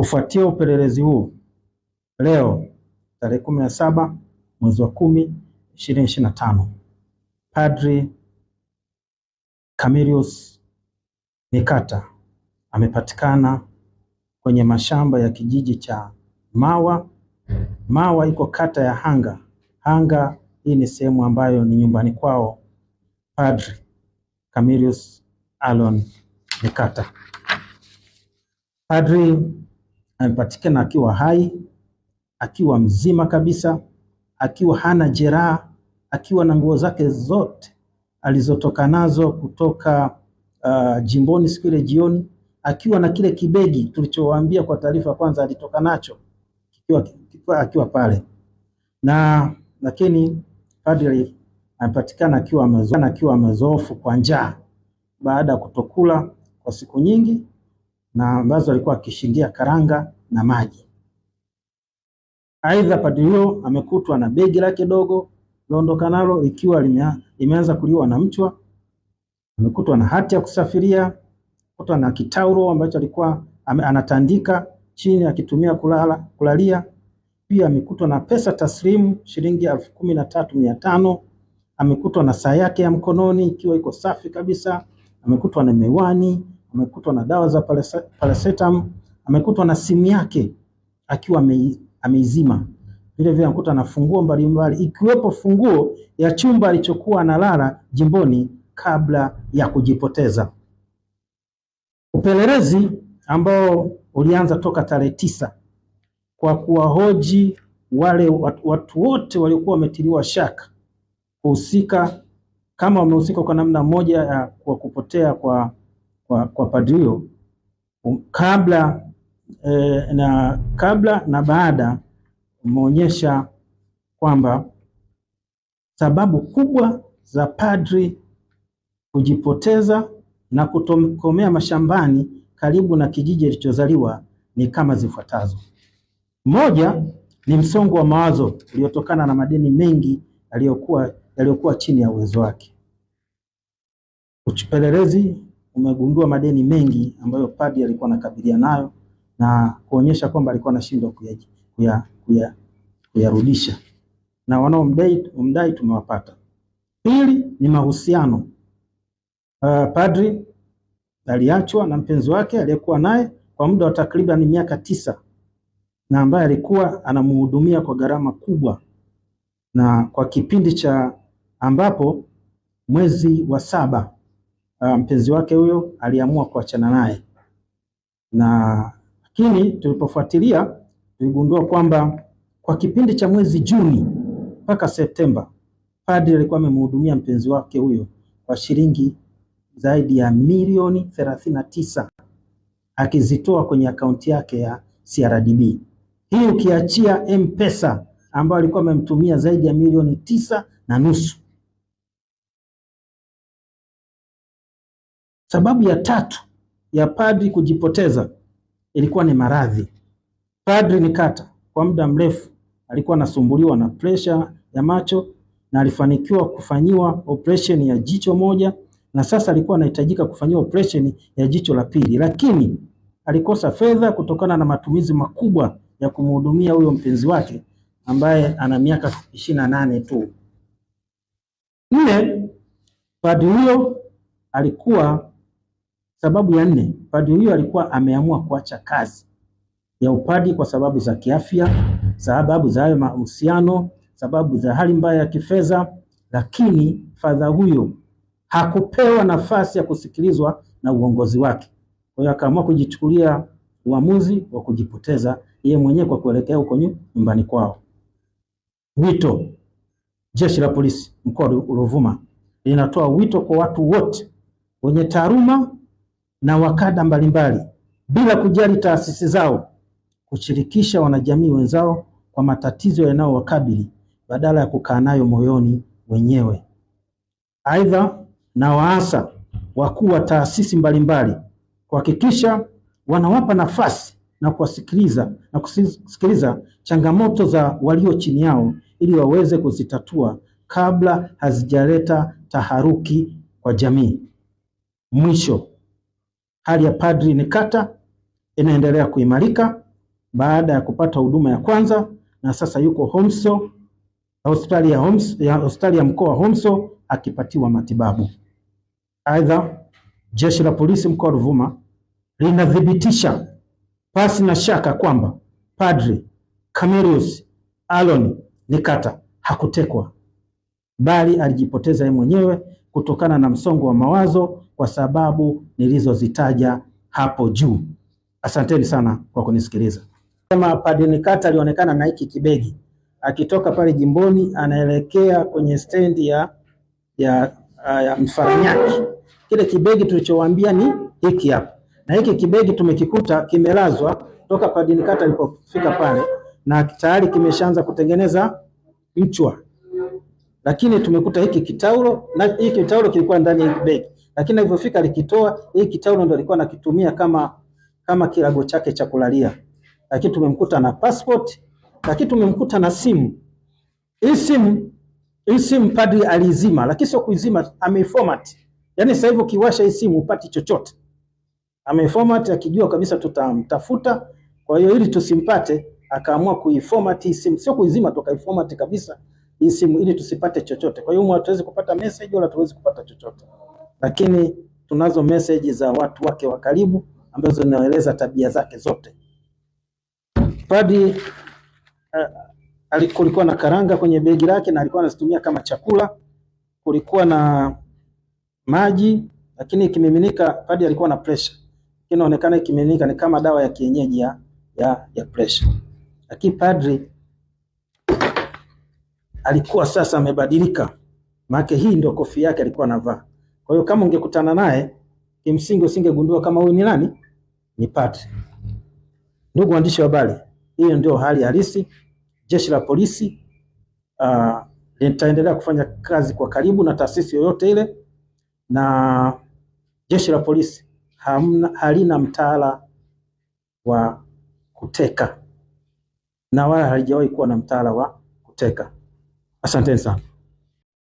Kufuatia upelelezi huu, leo tarehe kumi na saba mwezi wa kumi ishirini ishirini na tano Padri Camillus Nikata amepatikana kwenye mashamba ya kijiji cha Mawa. Mawa iko kata ya Hanga. Hanga hii ni sehemu ambayo ni nyumbani kwao Padri Camillus Alon Nikata. Padri amepatikana akiwa hai, akiwa mzima kabisa, akiwa hana jeraha, akiwa na nguo zake zote alizotoka nazo kutoka uh, jimboni siku ile jioni, akiwa na kile kibegi tulichowaambia kwa taarifa kwanza alitoka nacho kikiwa, kikiwa, akiwa pale na lakini padri amepatikana akiwa amezoofu kwa njaa baada ya kutokula kwa siku nyingi na ambazo alikuwa akishindia karanga na maji. Aidha, huyo amekutwa na begi lake dogo liondoka nalo ikiwa limeanza kuliwa na mchwa. Amekutwa na hati ya kusafiria, kutwa na kitauro ambacho alikuwa anatandika chini akitumia kulala, kulalia. Pia amekutwa na pesa taslimu shilingi elfu kumi na tatu mia tano. Amekutwa na saa yake ya mkononi ikiwa iko safi kabisa. Amekutwa na miwani amekutwa na dawa za paracetam, amekutwa na simu yake akiwa ameizima. Vile vile amekuta na funguo mbalimbali, ikiwepo funguo ya chumba alichokuwa analala jimboni kabla ya kujipoteza. Upelelezi ambao ulianza toka tarehe tisa kwa kuwahoji wale watu wote waliokuwa wametiliwa shaka kuhusika, kama wamehusika kwa namna moja ya kwa kupotea kwa kwa, kwa padrio um, kabla, e, na, kabla na baada umeonyesha kwamba sababu kubwa za padri kujipoteza na kutokomea mashambani karibu na kijiji alichozaliwa ni kama zifuatazo. Moja ni msongo wa mawazo uliotokana na madeni mengi yaliyokuwa yaliyokuwa chini ya uwezo wake. Upelelezi umegundua madeni mengi ambayo padri alikuwa anakabiliana nayo na kuonyesha kwamba alikuwa anashindwa kuyarudisha, na wanaomdai tumewapata. Pili ni mahusiano. Uh, padri aliachwa na mpenzi wake aliyekuwa naye kwa muda wa takriban miaka tisa na ambaye alikuwa anamhudumia kwa gharama kubwa, na kwa kipindi cha ambapo mwezi wa saba Ah, mpenzi wake huyo aliamua kuachana naye, na lakini tulipofuatilia tuligundua kwamba kwa kipindi cha mwezi Juni mpaka Septemba padri alikuwa amemhudumia mpenzi wake huyo kwa shilingi zaidi ya milioni thelathini na tisa akizitoa kwenye akaunti yake ya CRDB. Hii ukiachia M-Pesa ambayo alikuwa amemtumia zaidi ya milioni tisa na nusu. Sababu ya tatu ya padri kujipoteza ilikuwa ni maradhi. Padri Nikata kwa muda mrefu alikuwa anasumbuliwa na presha ya macho na alifanikiwa kufanyiwa operation ya jicho moja na sasa alikuwa anahitajika kufanyiwa operation ya jicho la pili, lakini alikosa fedha kutokana na matumizi makubwa ya kumhudumia huyo mpenzi wake ambaye ana miaka ishirini na nane tu. Nne, padri huyo alikuwa Sababu ya nne, padri huyo alikuwa ameamua kuacha kazi ya upadi kwa sababu za kiafya, sababu za hayo mahusiano, sababu za hali mbaya ya kifedha, lakini fadha huyo hakupewa nafasi ya kusikilizwa na uongozi wake. Kwa hiyo akaamua kujichukulia uamuzi wa kujipoteza yeye mwenyewe kwa kuelekea huko nyumbani kwao. Wito. Jeshi la Polisi mkoa wa Ruvuma linatoa wito kwa watu wote wenye taaluma na wakada mbalimbali bila kujali taasisi zao kushirikisha wanajamii wenzao kwa matatizo yanayowakabili badala ya kukaa nayo moyoni wenyewe. Aidha, na waasa wakuu wa taasisi mbalimbali kuhakikisha wanawapa nafasi na kuwasikiliza na kusikiliza changamoto za walio chini yao ili waweze kuzitatua kabla hazijaleta taharuki kwa jamii. Mwisho, hali ya padri Nikata inaendelea kuimarika baada ya kupata huduma ya kwanza, na sasa yuko Homso hospitali ya Homs, ya hospitali ya mkoa wa Homso akipatiwa matibabu. Aidha, jeshi la polisi mkoa wa Ruvuma linathibitisha pasi na shaka kwamba padri Camillus Alon Nikata hakutekwa bali alijipoteza yeye mwenyewe kutokana na msongo wa mawazo kwa sababu nilizozitaja hapo juu. Asanteni sana kwa kunisikiliza. Sema Padre Nikata alionekana na hiki kibegi akitoka pale jimboni anaelekea kwenye stendi ya, ya, ya Mfaranyaki. Kile kibegi tulichowaambia ni hiki hapa, na hiki kibegi tumekikuta kimelazwa toka Padre Nikata alipofika pale, na tayari kimeshaanza kutengeneza mchwa lakini tumekuta hiki kitaulo na hiki kitaulo kilikuwa ndani ya hiki begi, lakini alivyofika alikitoa. Hiki kitaulo ndio alikuwa anakitumia kama kama kilago chake cha kulalia, lakini tumemkuta na passport, lakini tumemkuta na simu. Hii simu hii simu padri alizima, lakini sio kuizima, ameformat. Yani sasa hivi ukiwasha hii simu upati chochote, ameformat akijua kabisa tutamtafuta. Kwa hiyo ili tusimpate, akaamua kuiformat hii simu, sio kuizima tu, akaiformat kabisa hii simu ili tusipate chochote. Kwa hiyo hatuwezi kupata message wala tuwezi kupata chochote, lakini tunazo message za watu wake wa karibu ambazo zinaeleza tabia zake zote. Padi uh, kulikuwa na karanga kwenye begi lake na alikuwa anazitumia kama chakula. Kulikuwa na maji lakini ikimiminika, padi alikuwa na pressure, inaonekana ikimiminika ni kama dawa ya kienyeji ya, ya, ya pressure, lakini Padri alikuwa sasa amebadilika, maana hii ndio kofia yake alikuwa anavaa. Kwa hiyo kama ungekutana naye kimsingi usingegundua kama huyu ni nani, ni padri. Ndugu waandishi wa habari, hiyo ndio hali halisi. Jeshi la polisi uh, litaendelea kufanya kazi kwa karibu na taasisi yoyote ile, na jeshi la polisi hamna, halina mtaala wa kuteka na wala halijawahi kuwa na mtaala wa kuteka. Asanteni sana.